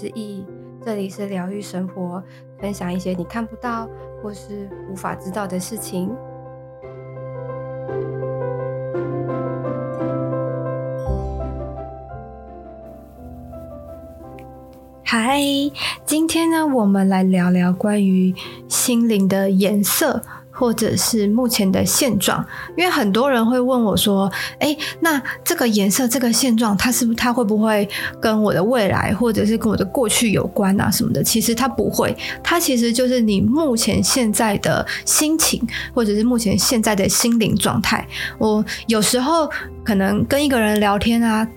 之意，這裡是療癒生活，分享一些你看不到或是無法知道的事情。嗨，今天呢，我們來聊聊關於心靈的顏色。或者是目前的現狀，因為很多人會問我說：“誒、欸，那這個顏色，這個現狀，它是不是它會不會跟我的未來，或者是跟我的過去有關啊什麼的？”其實它不會，它其實就是你目前現在的心情，或者是目前現在的心靈狀態。我有時候可能跟一個人聊天啊。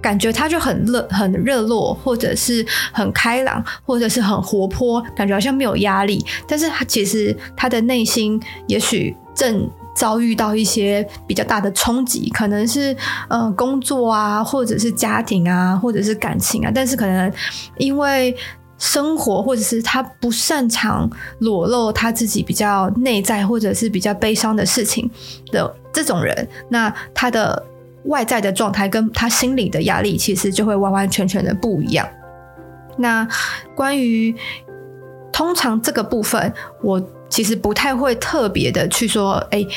感覺他就很熱，很熱絡，或者是很開朗，或者是很活潑，感覺好像沒有壓力。但是他其實他的內心也許正遭遇到一些比較大的衝擊，可能是呃，工作啊，或者是家庭啊，或者是感情啊。但是可能因為生活，或者是他不擅長裸露他自己比較內在，或者是比較悲傷的事情的這種人，那他的。外在的狀態跟他心理的壓力其實就會完完全全的不一樣。那關於通常這個部分，我其實不太會特別的去說，哎、欸，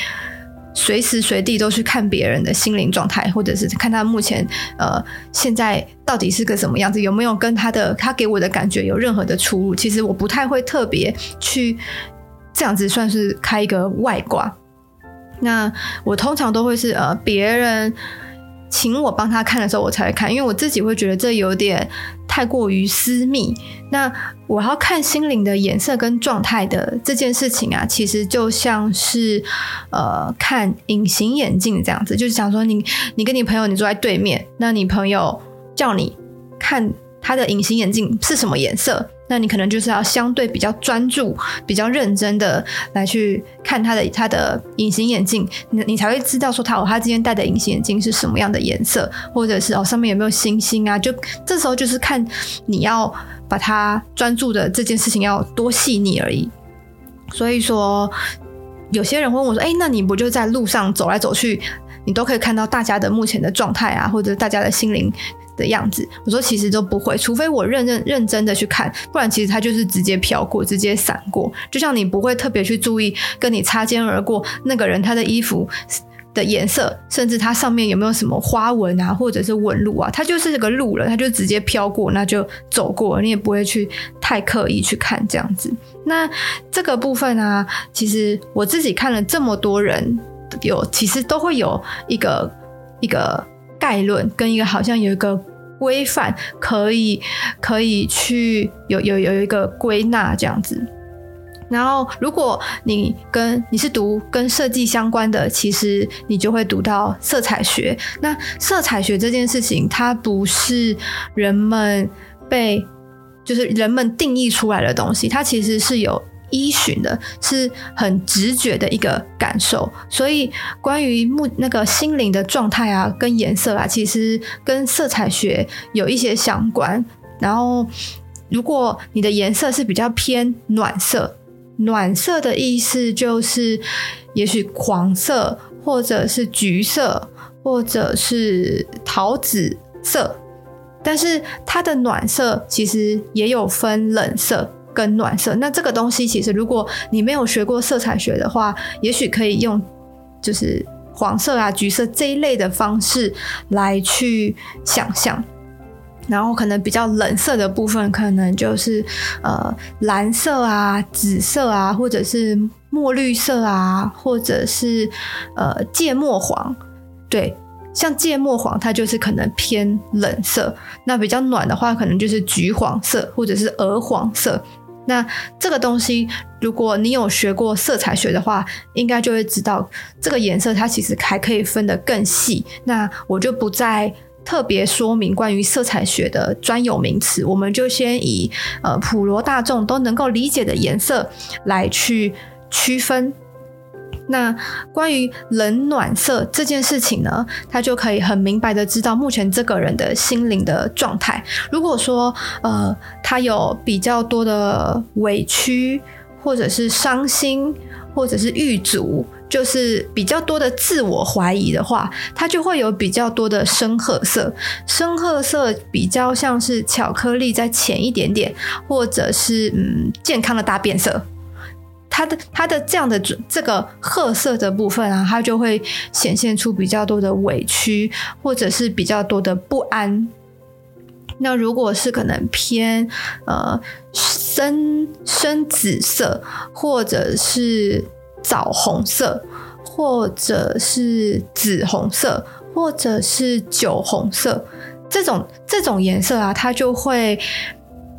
隨時隨地都去看別人的心靈狀態，或者是看他目前呃現在到底是個什麼樣子，有沒有跟他的他給我的感覺有任何的出入？其實我不太會特別去這樣子，算是開一個外掛。那我通常都會是呃別人請我幫他看的時候我才會看，因為我自己會覺得這有點太過於私密。那我要看心靈的顏色跟狀態的這件事情啊，其實就像是呃看隱形眼鏡這樣子，就是想說你你跟你朋友你坐在對面，那你朋友叫你看他的隱形眼鏡是什麼顏色。那你可能就是要相對比較專注、比較認真的來去看他的他的隱形眼鏡，你你才會知道說他哦，他今天戴的隱形眼鏡是什麼樣的顏色，或者是哦上面有沒有星星啊？就這時候就是看你要把它專注的這件事情要多細膩而已。所以說，有些人問我說：“哎、欸，那你不就在路上走來走去，你都可以看到大家的目前的狀態啊，或者大家的心靈？”的樣子，我說其實都不會，除非我認認認真的去看，不然其實他就是直接飄過，直接閃過，就像你不會特別去注意跟你擦肩而過那個人他的衣服的顏色，甚至他上面有沒有什麼花紋啊，或者是紋路啊，他就是這個路人，他就直接飄過，那就走過，你也不會去太刻意去看這樣子。那這個部分呢、啊，其實我自己看了這麼多人，有其實都會有一個一個。概論跟一個好像有一個規範，可以可以去有有有一個歸納這樣子。然後，如果你跟你是讀跟設計相關的，其實你就會讀到色彩學。那色彩學這件事情，它不是人們被就是人們定義出來的東西，它其實是有。依循的是很直覺的一個感受，所以關於目那個心靈的狀態啊，跟顏色啊，其實跟色彩學有一些相關。然後，如果你的顏色是比較偏暖色，暖色的意思就是，也許黃色，或者是橘色，或者是桃子色。但是它的暖色其實也有分冷色。跟暖色，那這個東西其實如果你沒有學過色彩學的話，也許可以用就是黃色啊、橘色這一類的方式來去想象。然後可能比較冷色的部分，可能就是呃藍色啊、紫色啊，或者是墨綠色啊，或者是呃芥末黃。對，像芥末黃，它就是可能偏冷色。那比較暖的話，可能就是橘黃色或者是鵝黃色。那這個東西，如果你有學過色彩學的話，應該就會知道，這個顏色它其實還可以分得更細。那我就不再特別說明關於色彩學的專有名詞，我們就先以呃普羅大眾都能夠理解的顏色來去區分。那關於冷暖色這件事情呢，他就可以很明白的知道目前這個人的心靈的狀態。如果說呃他有比較多的委屈，或者是傷心，或者是鬱卒，就是比較多的自我懷疑的話，他就會有比較多的深褐色。深褐色比較像是巧克力再淺一點點，或者是嗯健康的大便色。它的它的這樣的這個褐色的部分啊，它就會顯現出比較多的委屈，或者是比較多的不安。那如果是可能偏呃深深紫色，或者是棗紅色，或者是紫紅色，或者是酒紅色，這種這種顏色啊，它就會。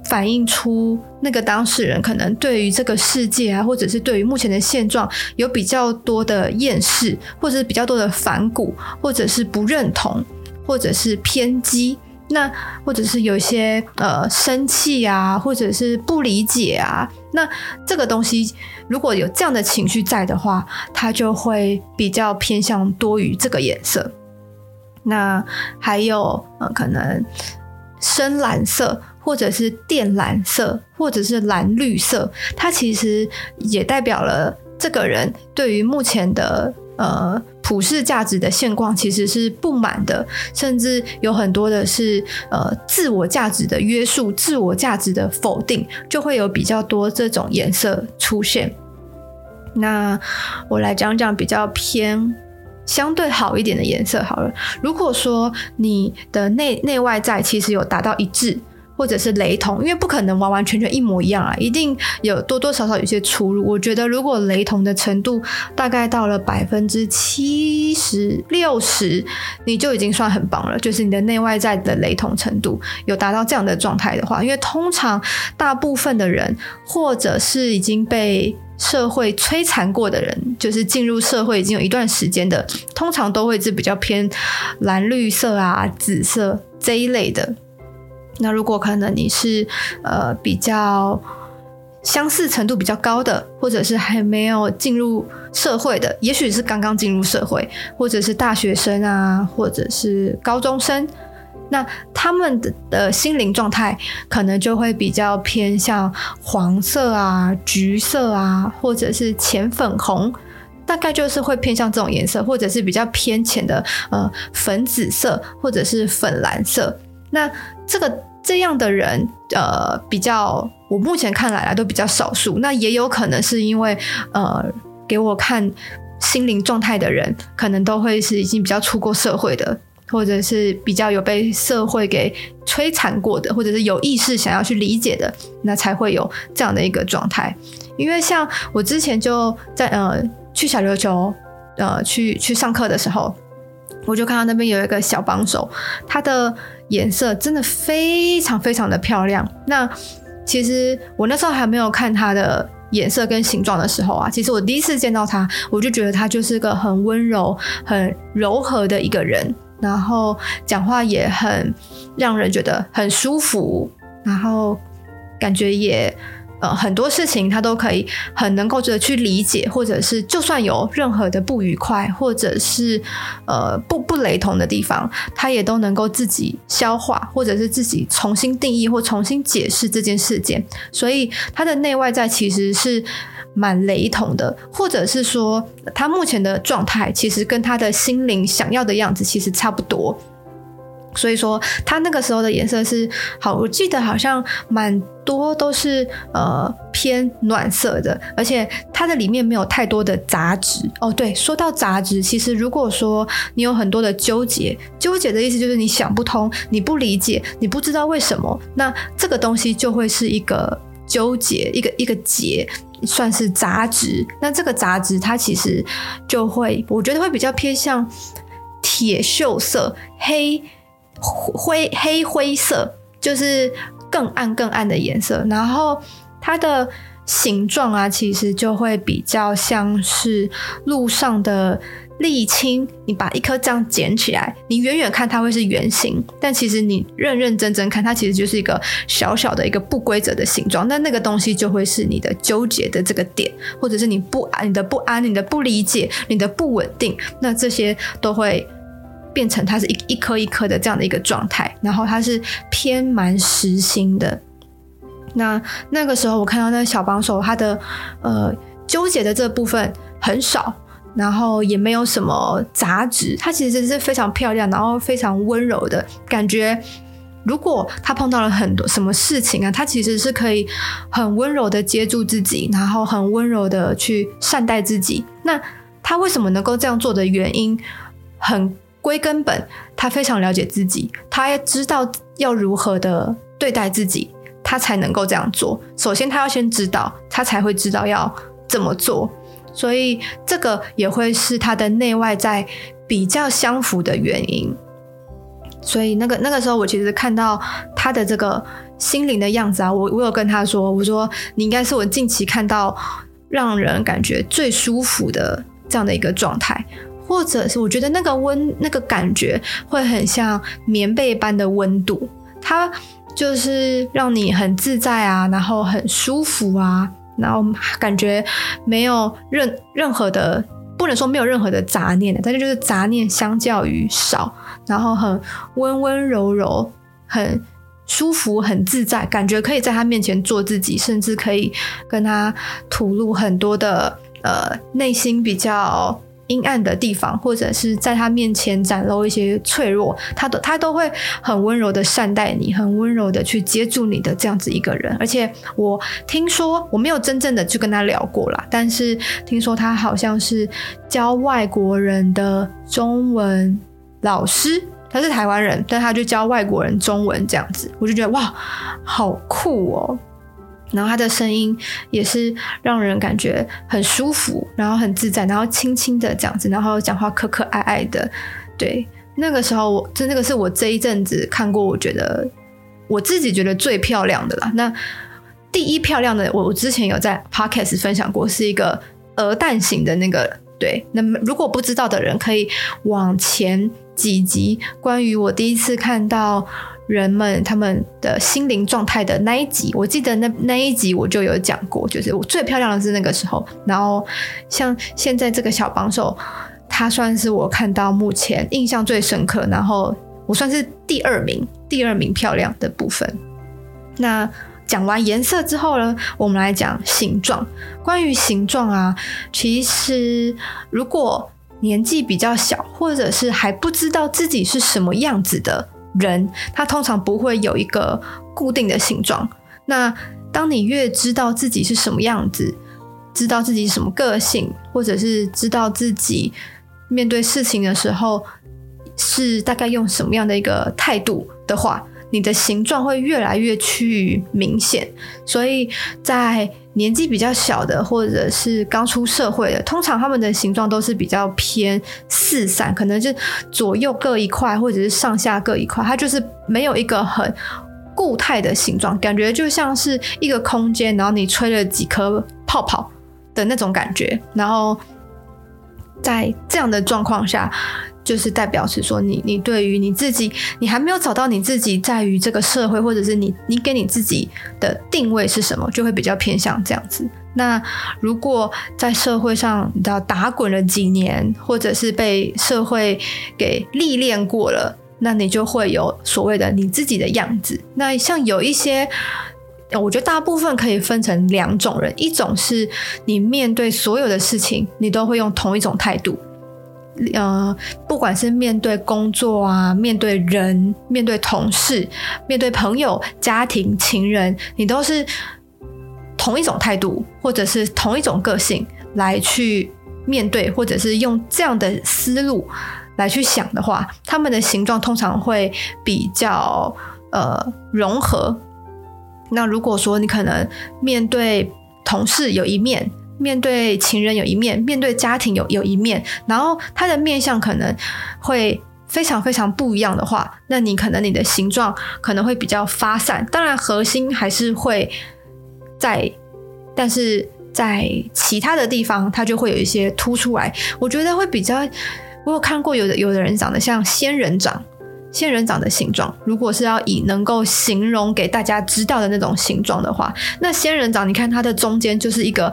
反映出那個當事人可能對於這個世界啊，或者是對於目前的現狀，有比較多的厭世，或者是比較多的反骨，或者是不認同，或者是偏激，那或者是有些呃生氣啊，或者是不理解啊，那這個東西如果有這樣的情緒在的話，它就會比較偏向多於這個顏色。那還有，呃，可能深藍色。或者是靛藍色，或者是藍綠色，它其實也代表了這個人對於目前的呃普世價值的現況，其實是不滿的，甚至有很多的是呃自我價值的約束、自我價值的否定，就會有比較多這種顏色出現。那我來講講比較偏相對好一點的顏色好了。如果說你的內內外在其實有達到一致，或者是雷同，因為不可能完完全全一模一樣啊，一定有多多少少有些出入。我覺得，如果雷同的程度大概到了百分之七十、六十，你就已經算很棒了。就是你的內外在的雷同程度有達到這樣的狀態的話，因為通常大部分的人，或者是已經被社會摧殘過的人，就是進入社會已經有一段時間的，通常都會是比較偏藍綠色啊、紫色這一類的。那如果可能你是呃比較相似程度比較高的，或者是還沒有進入社會的，也許是剛剛進入社會，或者是大學生啊，或者是高中生，那他們的的心靈狀態可能就會比較偏向黃色啊、橘色啊，或者是淺粉紅，大概就是會偏向這種顏色，或者是比較偏淺的呃粉紫色或者是粉藍色。那這個這樣的人，呃，比較我目前看來都比較少數。那也有可能是因為，呃，給我看心靈狀態的人，可能都會是已經比較出過社會的，或者是比較有被社會給摧殘過的，或者是有意識想要去理解的，那才會有這樣的一個狀態。因為像我之前就在呃去小琉球呃去去上課的時候。我就看到那邊有一個小幫手，他的顏色真的非常非常的漂亮。那其實我那時候還沒有看他的顏色跟形狀的時候啊，其實我第一次見到他，我就覺得他就是個很溫柔、很柔和的一個人，然後講話也很讓人覺得很舒服，然後感覺也。呃，很多事情他都可以很能夠去理解，或者是就算有任何的不愉快，或者是呃不不雷同的地方，他也都能夠自己消化，或者是自己重新定義或重新解釋這件事件。所以他的內外在其實是蠻雷同的，或者是說他目前的狀態其實跟他的心靈想要的樣子其實差不多。所以說，它那個時候的顏色是，好，我記得好像蠻多都是呃偏暖色的，而且它的裡面沒有太多的雜質。哦，對，說到雜質，其實如果說你有很多的糾結，糾結的意思就是你想不通，你不理解，你不知道為什麼，那這個東西就會是一個糾結，一個一個結，算是雜質。那這個雜質它其實就會，我覺得會比較偏向鐵鏽色、黑。灰黑灰色，就是更暗更暗的顏色。然後它的形狀啊，其實就會比較像是路上的瀝青。你把一顆這樣撿起來，你遠遠看它會是圓形，但其實你認認真真看，它其實就是一個小小的一個不規則的形狀。那那個東西就會是你的糾結的這個點，或者是你不安、你的不安、你的不理解、你的不穩定，那這些都會。變成它是一一顆一顆的這樣的一個狀態，然後它是偏蠻實心的。那那個時候我看到那個小幫手，他的呃糾結的這部分很少，然後也沒有什麼雜質，他其實是非常漂亮，然後非常溫柔的感覺。如果他碰到了很多什麼事情啊，他其實是可以很溫柔的接住自己，然後很溫柔的去善待自己。那他為什麼能夠這樣做的原因，很。歸根本，他非常了解自己，他知道要如何的對待自己，他才能夠這樣做。首先，他要先知道，他才會知道要怎麼做。所以，這個也會是他的內外在比較相符的原因。所以，那個那個時候，我其實看到他的這個心靈的樣子啊，我我有跟他說，我說你應該是我近期看到讓人感覺最舒服的這樣的一個狀態。或者是我覺得那個溫那個感覺會很像棉被般的溫度，它就是讓你很自在啊，然後很舒服啊，然後感覺沒有任任何的，不能說沒有任何的雜念的，但是就是雜念相較於少，然後很溫溫柔柔，很舒服，很自在，感覺可以在他面前做自己，甚至可以跟他吐露很多的呃內心比較陰暗的地方，或者是在他面前展露一些脆弱，他都他都會很溫柔的善待你，很溫柔的去接住你的這樣子一個人。而且我聽說我沒有真正的去跟他聊過啦，但是聽說他好像是教外國人的中文老師，他是台灣人，但他就教外國人中文這樣子，我就覺得哇，好酷哦！然後他的聲音也是讓人感覺很舒服，然後很自在，然後輕輕的這樣子，然後講話可可愛愛的，對。那個時候我，就那個是我這一陣子看過，我覺得我自己覺得最漂亮的啦。那第一漂亮的，我我之前有在 Podcast 分享過，是一個鵝蛋型的那個，對。那麼如果不知道的人，可以往前幾集，關於我第一次看到。人們他們的心靈狀態的那一集，我記得那那一集我就有講過，就是我最漂亮的是那個時候。然後像現在這個小幫手，他算是我看到目前印象最深刻，然後我算是第二名，第二名漂亮的部分。那講完顏色之後呢，我們來講形狀。關於形狀啊，其實如果年紀比較小，或者是還不知道自己是什麼樣子的，人他通常不會有一個固定的形狀。那當你越知道自己是什麼樣子，知道自己什麼個性，或者是知道自己面對事情的時候，是大概用什麼樣的一個態度的話。你的形狀會越來越趨於明顯，所以在年紀比較小的，或者是剛出社會的，通常他們的形狀都是比較偏四散，可能就是左右各一塊，或者是上下各一塊，它就是沒有一個很固態的形狀，感覺就像是一個空間，然後你吹了幾顆泡泡的那種感覺，然後在這樣的狀況下。就是代表是說你，你對於你自己，你還沒有找到你自己在於這個社會，或者是你，你給你自己的定位是什麼，就會比較偏向這樣子。那如果在社會上你知道打滾了幾年，或者是被社會給歷練過了，那你就會有所謂的你自己的樣子。那像有一些，我覺得大部分可以分成兩種人，一種是你面對所有的事情，你都會用同一種態度。呃，不管是面對工作啊，面對人，面對同事，面對朋友、家庭、情人，你都是同一種態度，或者是同一種個性來去面對，或者是用這樣的思路來去想的話，他們的形狀通常會比較呃融合。那如果說你可能面對同事有一面。面對情人有一面，面對家庭有有一面，然後他的面相可能會非常非常不一樣的話，那你可能你的形狀可能會比較發散。當然，核心還是會在，但是在其他的地方，它就會有一些凸出來。我覺得會比較，我有看過有的有的人長得像仙人掌，仙人掌的形狀。如果是要以能夠形容給大家知道的那種形狀的話，那仙人掌，你看它的中間就是一個，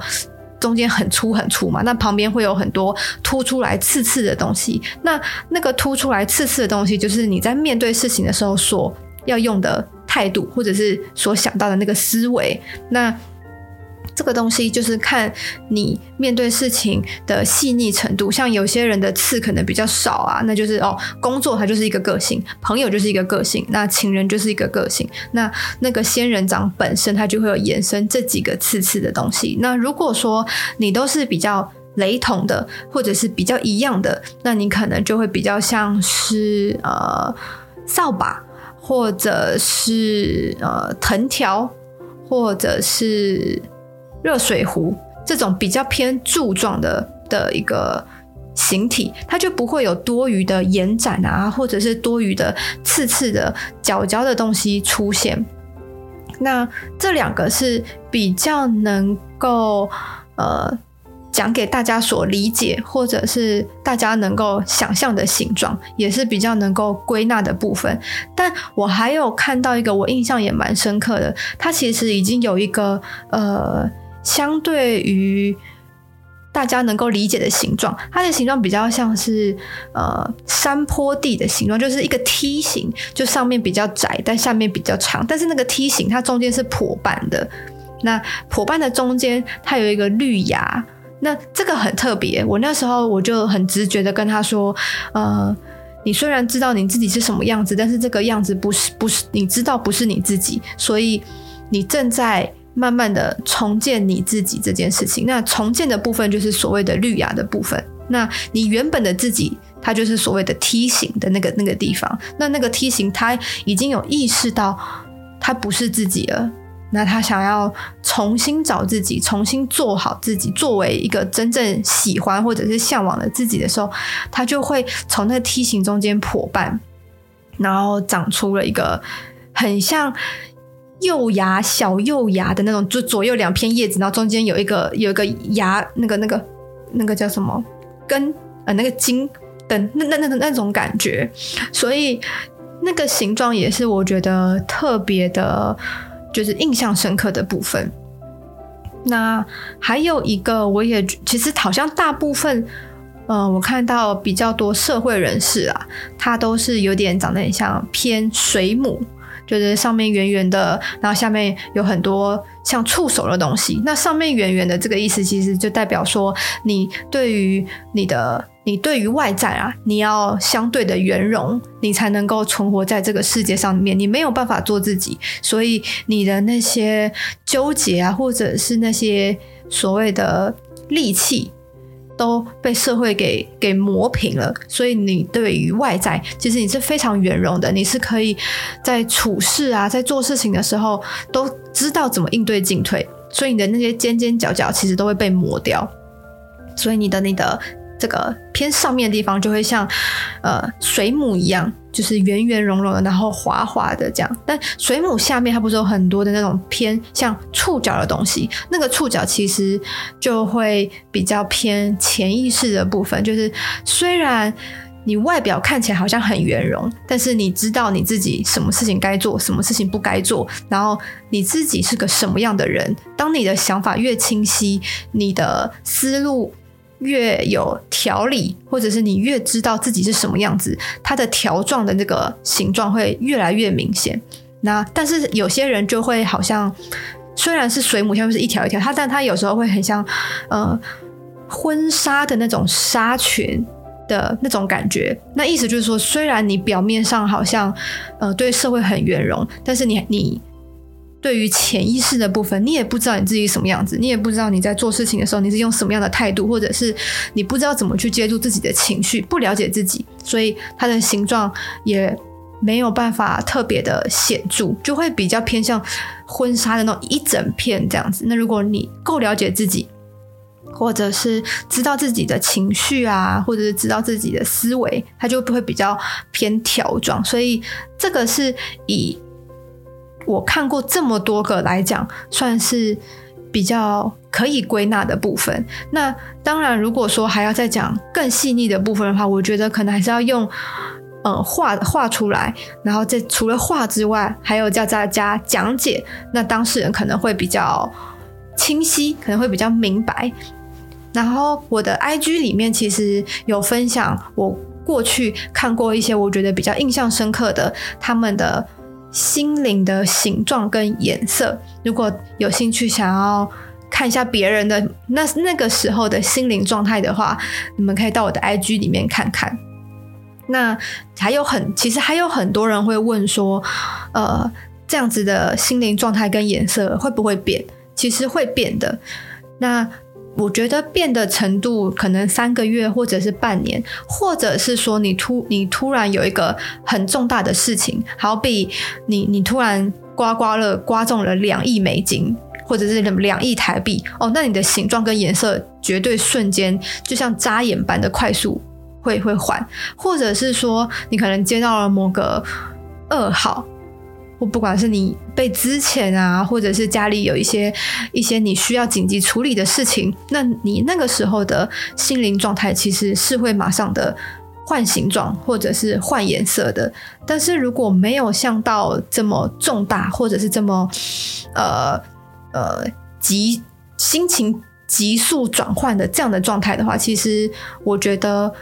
中間很粗很粗嘛，那旁邊會有很多突出來刺刺的東西。那那個突出來刺刺的東西，就是你在面對事情的時候所要用的態度，或者是所想到的那個思維。那這個東西就是看你面對事情的細膩程度，像有些人的刺可能比較少啊，那就是哦，工作它就是一個個性，朋友就是一個個性，那情人就是一個個性，那那個仙人掌本身它就會有延伸這幾個刺刺的東西。那如果說你都是比較雷同的，或者是比較一樣的，那你可能就會比較像是呃掃把，或者是呃藤條，或者是。熱水壺這種比較偏柱狀的的一個形體，它就不會有多餘的延展啊，或者是多餘的刺刺的角角的東西出現。那這兩個是比較能夠呃講給大家所理解，或者是大家能夠想象的形狀，也是比較能夠歸納的部分。但我還有看到一個我印象也蠻深刻的，它其實已經有一個呃。相對於大家能夠理解的形狀，它的形狀比較像是呃山坡地的形狀，就是一個梯形，就上面比較窄，但下面比較長。但是那個梯形，它中間是坡板的，那坡板的中間它有一個綠芽，那這個很特別、欸。我那時候我就很直覺的跟他說，呃，你雖然知道你自己是什麼樣子，但是這個樣子不是不是你知道不是你自己，所以你正在。慢慢的重建你自己這件事情，那重建的部分就是所謂的綠芽的部分。那你原本的自己，它就是所謂的梯形的那個那個地方。那那個梯形，它已經有意識到它不是自己了。那他想要重新找自己，重新做好自己，作為一個真正喜歡或者是向往的自己的時候，他就會從那個梯形中間破半，然後長出了一個很像。幼芽，小幼芽的那種，就左右兩片葉子，然後中間有一個，有一個芽，那個那個那個叫什麼？跟呃，那個莖，等那那那那種感覺，所以那個形狀也是我覺得特別的，就是印象深刻的部分。那還有一個，我也其實好像大部分，呃，我看到比較多社會人士啊，他都是有點長得很像偏水母。就是上面圓圓的，然後下面有很多像觸手的東西。那上面圓圓的這個意思，其實就代表說，你對於你的，你對於外在啊，你要相對的圓融，你才能夠存活在這個世界上面。你沒有辦法做自己，所以你的那些糾結啊，或者是那些所謂的戾氣。都被社會給給磨平了，所以你對於外在，其實你是非常圓融的，你是可以在處事啊，在做事情的時候，都知道怎麼應對進退，所以你的那些尖尖角角其實都會被磨掉，所以你的你的這個偏上面的地方就會像呃水母一樣。就是圓圓融融的，然後滑滑的這樣。但水母下面它不是有很多的那種偏像觸角的東西？那個觸角其實就會比較偏潛意識的部分。就是雖然你外表看起來好像很圓融，但是你知道你自己什麼事情該做，什麼事情不該做，然後你自己是個什麼樣的人。當你的想法越清晰，你的思路，越有條理，或者是你越知道自己是什麼樣子，它的條狀的那個形狀會越來越明顯。那但是有些人就會好像，雖然是水母，像是一條一條，它，但它有時候會很像，呃，婚紗的那種紗裙的那種感覺。那意思就是說，雖然你表面上好像，呃，對社會很圓融，但是你你。對於潛意識的部分，你也不知道你自己什麼樣子，你也不知道你在做事情的時候你是用什麼樣的態度，或者是你不知道怎麼去接觸自己的情緒，不了解自己，所以它的形狀也沒有辦法特別的顯著，就會比較偏向婚紗的那種一整片這樣子。那如果你夠了解自己，或者是知道自己的情緒啊，或者是知道自己的思維，它就會比較偏條狀。所以這個是以。我看過這麼多個來講，算是比較可以歸納的部分。那當然，如果說還要再講更細膩的部分的話，我覺得可能還是要用嗯畫畫出來，然後除了畫之外，還有叫大家講解，那當事人可能會比較清晰，可能會比較明白。然後我的 IG 裡面其實有分享我過去看過一些我覺得比較印象深刻的他們的心靈的形狀跟顏色，如果有興趣想要看一下別人的那那個時候的心靈狀態的話，你們可以到我的 IG 裡面看看。那還有很，其實還有很多人會問說，呃，這樣子的心靈狀態跟顏色會不會變？其實會變的。那我覺得變的程度可能三個月，或者是半年，或者是說你突你突然有一個很重大的事情，好比你你突然刮刮樂，刮中了兩億美金，或者是兩億台幣，哦，那你的形狀跟顏色絕對瞬間就像眨眼般的快速會會換，或者是說你可能接到了某個噩耗。不管是你被資遣啊，或者是家裡有一些一些你需要緊急處理的事情，那你那個時候的心靈狀態其實是會馬上的換形狀或者是換顏色的。但是如果沒有想到這麼重大或者是這麼呃呃急心情急速轉換的這樣的狀態的話，其實我覺得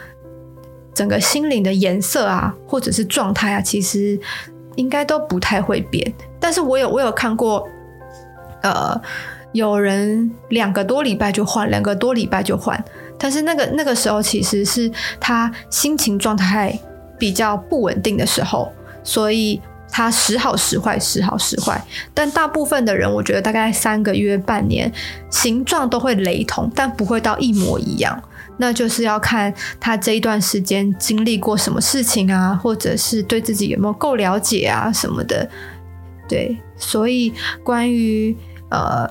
整個心靈的顏色啊或者是狀態啊，其實。應該都不太會變，但是我有我有看過，呃，有人兩個多禮拜就換，兩個多禮拜就換，但是那個那個時候其實是他心情狀態比較不穩定的時候，所以他時好時壞，時好時壞。但大部分的人，我覺得大概三個月、半年，形狀都會雷同，但不會到一模一樣。那就是要看他這一段時間經歷過什麼事情啊，或者是對自己有沒有夠了解啊什麼的。對，所以關於呃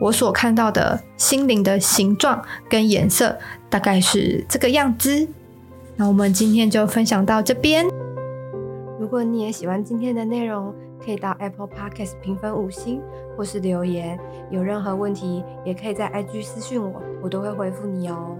我所看到的心靈的形狀跟顏色大概是這個樣子。那我們今天就分享到這邊。如果你也喜歡今天的內容，可以到 Apple Podcast 評分五星或是留言。有任何問題也可以在 IG 私訊我，我都會回復你哦。